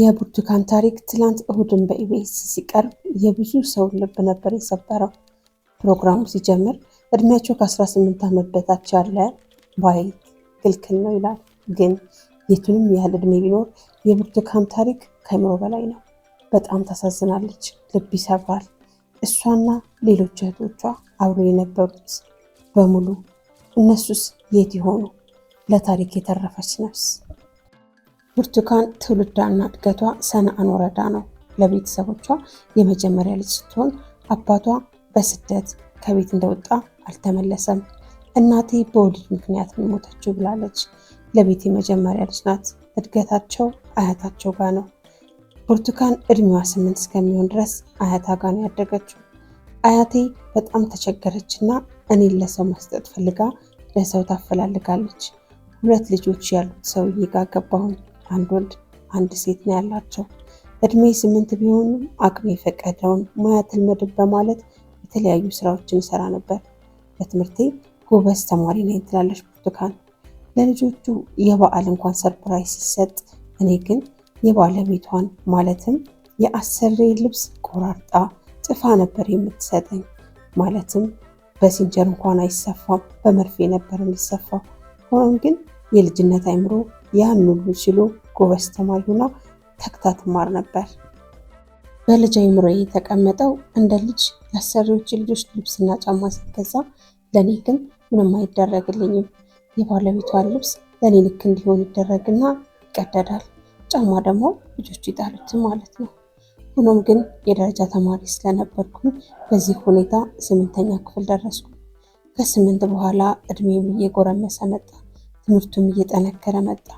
የብርቱካን ታሪክ ትላንት እሁድን በኢቢኤስ ሲቀርብ የብዙ ሰው ልብ ነበር የሰበረው። ፕሮግራሙ ሲጀምር እድሜያቸው ከ18 ዓመት በታች ያለ ማየት ክልክል ነው ይላል። ግን የቱንም ያህል እድሜ ቢኖር የብርቱካን ታሪክ ከአእምሮ በላይ ነው። በጣም ታሳዝናለች፣ ልብ ይሰብራል። እሷና ሌሎች እህቶቿ አብረው የነበሩት በሙሉ እነሱስ የት ይሆኑ? ለታሪክ የተረፈች ነፍስ ብርቱካን ትውልዷና እድገቷ ሰነአን ወረዳ ነው። ለቤተሰቦቿ የመጀመሪያ ልጅ ስትሆን አባቷ በስደት ከቤት እንደወጣ አልተመለሰም። እናቴ በወሊድ ምክንያት ነው የሞተችው ብላለች። ለቤት የመጀመሪያ ልጅ ናት። እድገታቸው አያታቸው ጋር ነው። ብርቱካን እድሜዋ ስምንት እስከሚሆን ድረስ አያታ ጋር ነው ያደገችው። አያቴ በጣም ተቸገረች እና እኔን ለሰው መስጠት ፈልጋ ለሰው ታፈላልጋለች። ሁለት ልጆች ያሉት ሰውዬ ጋር ገባሁኝ። አንድ ወንድ አንድ ሴት ነው ያላቸው። እድሜ ስምንት ቢሆንም አቅሜ የፈቀደውን ሙያ ትልመድ በማለት የተለያዩ ስራዎችን ሰራ ነበር። በትምህርቴ ጎበዝ ተማሪ ነኝ ትላለች ብርቱካን። ለልጆቹ የበዓል እንኳን ሰርፕራይዝ ሲሰጥ፣ እኔ ግን የባለቤቷን ማለትም የአሰሬ ልብስ ቆራርጣ ጥፋ ነበር የምትሰጠኝ። ማለትም በሲንጀር እንኳን አይሰፋም፣ በመርፌ ነበር የሚሰፋው። ሆኖም ግን የልጅነት አይምሮ ያን ሁሉ ሲሉ ጎበዝ ተማሪ ሆና ተግታ ትማር ነበር። በልጅ አይምሮ የተቀመጠው እንደ ልጅ ለአሰሪዎች ልጆች ልብስና ጫማ ሲገዛ፣ ለእኔ ግን ምንም አይደረግልኝም። የባለቤቷን ልብስ ለእኔ ልክ እንዲሆን ይደረግና ይቀደዳል። ጫማ ደግሞ ልጆቹ ይጣሉት ማለት ነው። ሆኖም ግን የደረጃ ተማሪ ስለነበርኩኝ በዚህ ሁኔታ ስምንተኛ ክፍል ደረስኩ። ከስምንት በኋላ እድሜም እየጎረመሰ መጣ፣ ትምህርቱም እየጠነከረ መጣ።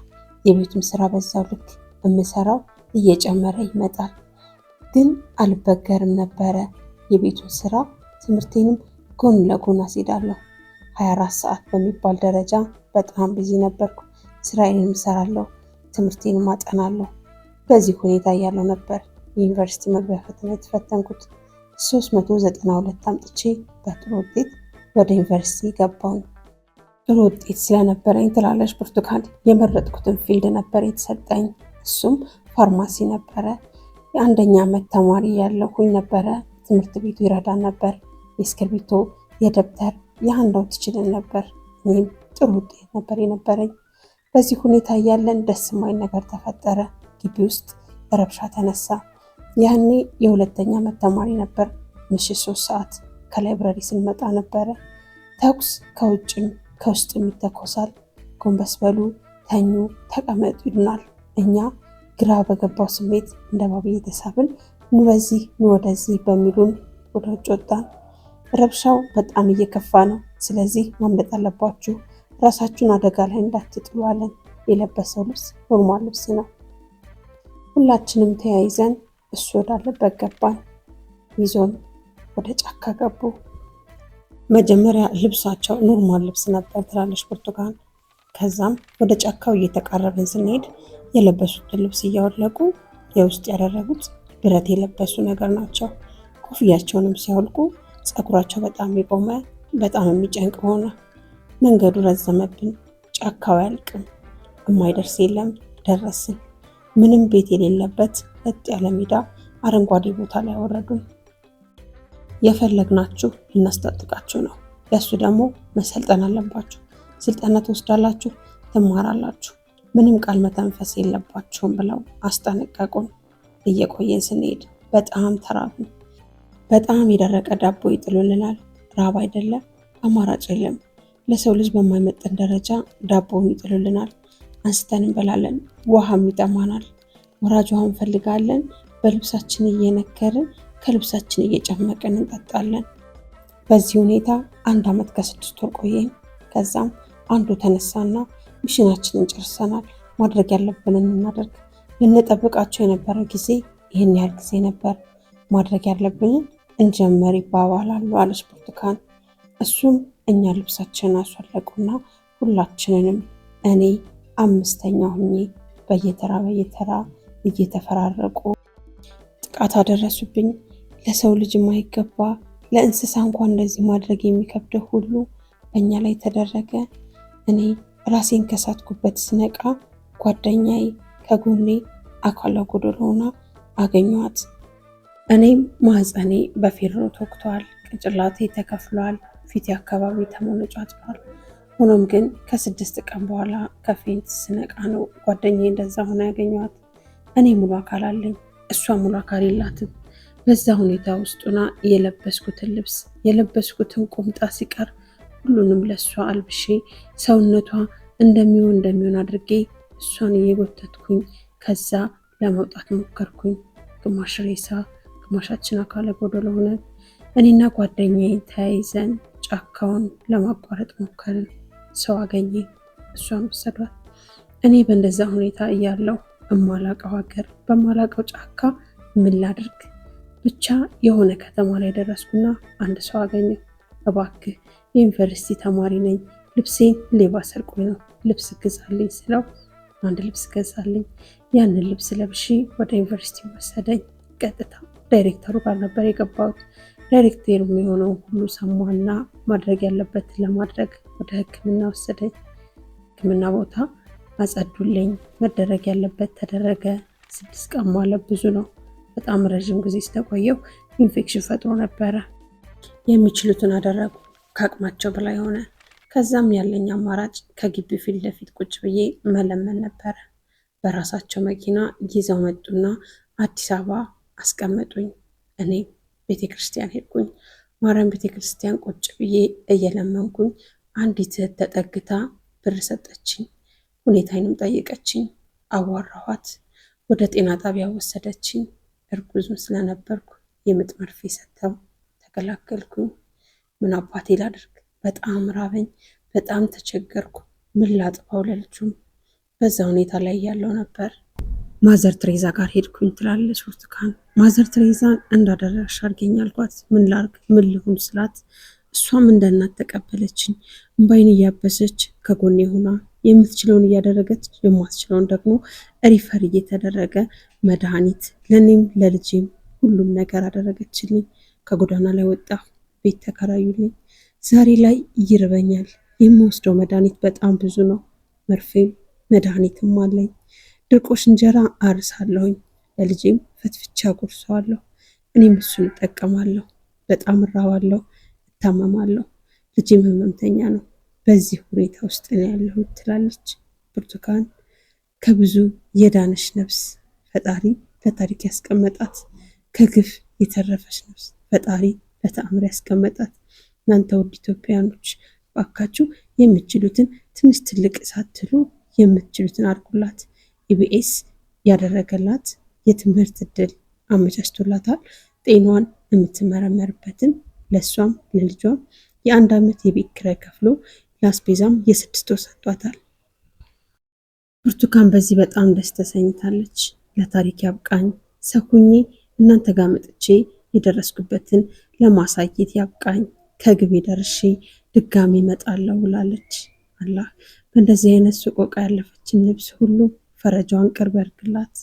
የቤቱም ስራ በዛው ልክ በምሰራው እየጨመረ ይመጣል። ግን አልበገርም ነበረ። የቤቱን ስራ ትምህርቴንም ጎን ለጎን አስሄዳለሁ። 24 ሰዓት በሚባል ደረጃ በጣም ቢዚ ነበርኩ። ስራዬን እሰራለሁ፣ ትምህርቴንም አጠናለሁ። በዚህ ሁኔታ እያለሁ ነበር የዩኒቨርሲቲ መግቢያ ፈተና የተፈተንኩት። 392 አምጥቼ በጥሩ ውጤት ወደ ዩኒቨርሲቲ ገባሁኝ። ጥሩ ውጤት ስለነበረኝ ትላለች ብርቱካን። የመረጥኩትን ፊልድ ነበር የተሰጠኝ፣ እሱም ፋርማሲ ነበረ። የአንደኛ ዓመት ተማሪ ያለሁኝ ነበረ። ትምህርት ቤቱ ይረዳ ነበር። የእስክርቢቶ የደብተር የአንዳው ትችልን ነበር። እኔም ጥሩ ውጤት ነበር የነበረኝ። በዚህ ሁኔታ እያለን ደስ የማይል ነገር ተፈጠረ። ግቢ ውስጥ ረብሻ ተነሳ። ያኔ የሁለተኛ ዓመት ተማሪ ነበር። ምሽት ሶስት ሰዓት ከላይብረሪ ስንመጣ ነበረ ተኩስ ከውጭም ከውስጥ ይተኮሳል። ጎንበስ በሉ፣ ተኙ፣ ተቀመጡ ይሉናል። እኛ ግራ በገባው ስሜት እንደ ባቢ የተሳብን ኑ በዚህ ኑ ወደዚህ በሚሉን ወደ ውጭ ወጣን። ረብሻው በጣም እየከፋ ነው። ስለዚህ ማምለጥ አለባችሁ፣ ራሳችሁን አደጋ ላይ እንዳትጥሉ አለን። የለበሰው ልብስ ኖርማል ልብስ ነው። ሁላችንም ተያይዘን እሱ ወዳለበት ገባን። ይዞን ወደ ጫካ ገቡ። መጀመሪያ ልብሳቸው ኖርማል ልብስ ነበር ትላለች ብርቱካን። ከዛም ወደ ጫካው እየተቃረብን ስንሄድ የለበሱትን ልብስ እያወለቁ የውስጥ ያደረጉት ብረት የለበሱ ነገር ናቸው። ኮፍያቸውንም ሲያወልቁ ፀጉራቸው በጣም የቆመ በጣም የሚጨንቅ ሆነ። መንገዱ ረዘመብን። ጫካው አያልቅም፣ የማይደርስ የለም። ደረስን። ምንም ቤት የሌለበት ለጥ ያለ ሜዳ አረንጓዴ ቦታ ላይ አወረዱን። የፈለግናችሁ ልናስታጥቃችሁ ነው። ለእሱ ደግሞ መሰልጠን አለባችሁ። ስልጠና ትወስዳላችሁ፣ ትማራላችሁ፣ ምንም ቃል መተንፈስ የለባችሁም ብለው አስጠነቀቁን። እየቆየን ስንሄድ በጣም ተራብን። በጣም የደረቀ ዳቦ ይጥሉልናል። ራብ አይደለም አማራጭ የለም። ለሰው ልጅ በማይመጠን ደረጃ ዳቦን ይጥሉልናል። አንስተን እንበላለን። ውሃም ይጠማናል። ወራጅ ውሃ እንፈልጋለን። በልብሳችን እየነከርን ከልብሳችን እየጨመቅን እንጠጣለን። በዚህ ሁኔታ አንድ ዓመት ከስድስት ወር ቆየን። ከዛም አንዱ ተነሳና ሚሽናችንን ጨርሰናል፣ ማድረግ ያለብንን እናደርግ። ልንጠብቃቸው የነበረው ጊዜ ይህን ያህል ጊዜ ነበር፣ ማድረግ ያለብንን እንጀመር ይባባላሉ አለች ብርቱካን። እሱም እኛ ልብሳችንን አስወለቁና ሁላችንንም እኔ አምስተኛ ሁኜ በየተራ በየተራ እየተፈራረቁ ጥቃት አደረሱብኝ። ለሰው ልጅ የማይገባ ለእንስሳ እንኳን እንደዚህ ማድረግ የሚከብደው ሁሉ በእኛ ላይ ተደረገ። እኔ ራሴን ከሳትኩበት ስነቃ ጓደኛዬ ከጎኔ አካሏ ጎደሎ ሆና አገኟት። እኔም ማህፀኔ በፌሮ ተወቅቷል፣ ቅንጭላቴ ተከፍሏል፣ ፊቴ አካባቢ ተሞነጫጭቷል። ሆኖም ግን ከስድስት ቀን በኋላ ከፌንት ስነቃ ነው ጓደኛዬ እንደዛ ሆና ያገኟት። እኔ ሙሉ አካል አለኝ፣ እሷ ሙሉ አካል የላትም። በዛ ሁኔታ ውስጡና የለበስኩትን ልብስ የለበስኩትን ቁምጣ ሲቀር ሁሉንም ለእሷ አልብሼ ሰውነቷ እንደሚሆን እንደሚሆን አድርጌ እሷን እየጎተትኩኝ ከዛ ለመውጣት ሞከርኩኝ። ግማሽ ሬሳ ግማሻችን አካለ ጎደሎ ሆነ። እኔና ጓደኛዬ ተያይዘን ጫካውን ለማቋረጥ ሞከርን። ሰው አገኘ፣ እሷን ወሰዷት። እኔ በእንደዛ ሁኔታ እያለሁ እማላቀው ሀገር በማላቀው ጫካ ምን ላድርግ? ብቻ የሆነ ከተማ ላይ ደረስኩና አንድ ሰው አገኘ። እባክህ የዩኒቨርሲቲ ተማሪ ነኝ፣ ልብሴን ሌባ ሰርቆ ነው፣ ልብስ ግዛልኝ ስለው አንድ ልብስ ገዛልኝ። ያንን ልብስ ለብሼ ወደ ዩኒቨርሲቲ ወሰደኝ። ቀጥታ ዳይሬክተሩ ጋር ነበር የገባሁት። ዳይሬክተሩ የሆነው ሁሉ ሰማና ማድረግ ያለበትን ለማድረግ ወደ ሕክምና ወሰደኝ። ሕክምና ቦታ አጸዱልኝ። መደረግ ያለበት ተደረገ። ስድስት ቀን ማለት ብዙ ነው። በጣም ረዥም ጊዜ ስለቆየሁ ኢንፌክሽን ፈጥሮ ነበረ። የሚችሉትን አደረጉ፣ ከአቅማቸው በላይ ሆነ። ከዛም ያለኝ አማራጭ ከግቢ ፊት ለፊት ቁጭ ብዬ መለመን ነበረ። በራሳቸው መኪና ይዘው መጡና አዲስ አበባ አስቀመጡኝ። እኔ ቤተ ክርስቲያን ሄድኩኝ። ማርያም ቤተ ክርስቲያን ቁጭ ብዬ እየለመንኩኝ አንዲት እህት ተጠግታ ብር ሰጠችኝ። ሁኔታዬንም ጠየቀችኝ። አዋራኋት። ወደ ጤና ጣቢያ ወሰደችኝ። እርጉዝም ስለነበርኩ የምጥ መርፌ ሰጥተው ተገላገልኩኝ። ምን አባቴ ላድርግ? በጣም ራበኝ፣ በጣም ተቸገርኩ። ምን ላጥፋው ለልጁም በዛ ሁኔታ ላይ ያለው ነበር። ማዘር ትሬዛ ጋር ሄድኩኝ ትላለች ብርቱካን። ማዘር ትሬዛን እንዳደረግሽ አድርገኝ አልኳት። ምን ላርግ? ምን ልሁን ስላት እሷም እንደናት ተቀበለችኝ። እምባይን እያበሰች ከጎኔ ሆና የምትችለውን እያደረገች የማትችለውን ደግሞ ሪፈር እየተደረገ መድኃኒት ለእኔም ለልጄም ሁሉም ነገር አደረገችልኝ። ከጎዳና ላይ ወጣ፣ ቤት ተከራዩልኝ። ዛሬ ላይ ይርበኛል። የምወስደው መድኃኒት በጣም ብዙ ነው። መርፌም መድኃኒትም አለኝ። ድርቆሽ እንጀራ አርሳለሁኝ፣ ለልጄም ፈትፍቻ ጎርሰዋለሁ። እኔም እሱን እጠቀማለሁ። በጣም እራባለሁ፣ እታመማለሁ። ልጄም ህመምተኛ ነው። በዚህ ሁኔታ ውስጥ ነው ያለሁት ትላለች ብርቱካን። ከብዙ የዳነች ነፍስ ፈጣሪ ለታሪክ ያስቀመጣት፣ ከግፍ የተረፈች ነፍስ ፈጣሪ በተአምር ያስቀመጣት። እናንተ ውድ ኢትዮጵያኖች ባካችሁ የምትችሉትን ትንሽ ትልቅ ሳትሉ የምትችሉትን አድርጉላት። ኢቢኤስ ያደረገላት የትምህርት እድል አመቻችቶላታል። ጤናዋን የምትመረመርበትን ለእሷም ለልጇም የአንድ ዓመት የቤት ኪራይ ከፍሎ ለአስቤዛም የስድስት ሰጧታል። ሰጥቷታል። ብርቱካን በዚህ በጣም ደስ ተሰኝታለች። ለታሪክ ያብቃኝ ሰው እናንተ ጋር መጥቼ የደረስኩበትን ለማሳየት ያብቃኝ ከግቤ ደርሼ ድጋሚ እመጣለሁ ብላለች። አላህ በእንደዚህ አይነት ሰቆቃ ያለፈችን ነፍስ ሁሉ ፈረጃዋን ቅርብ ያርግላት።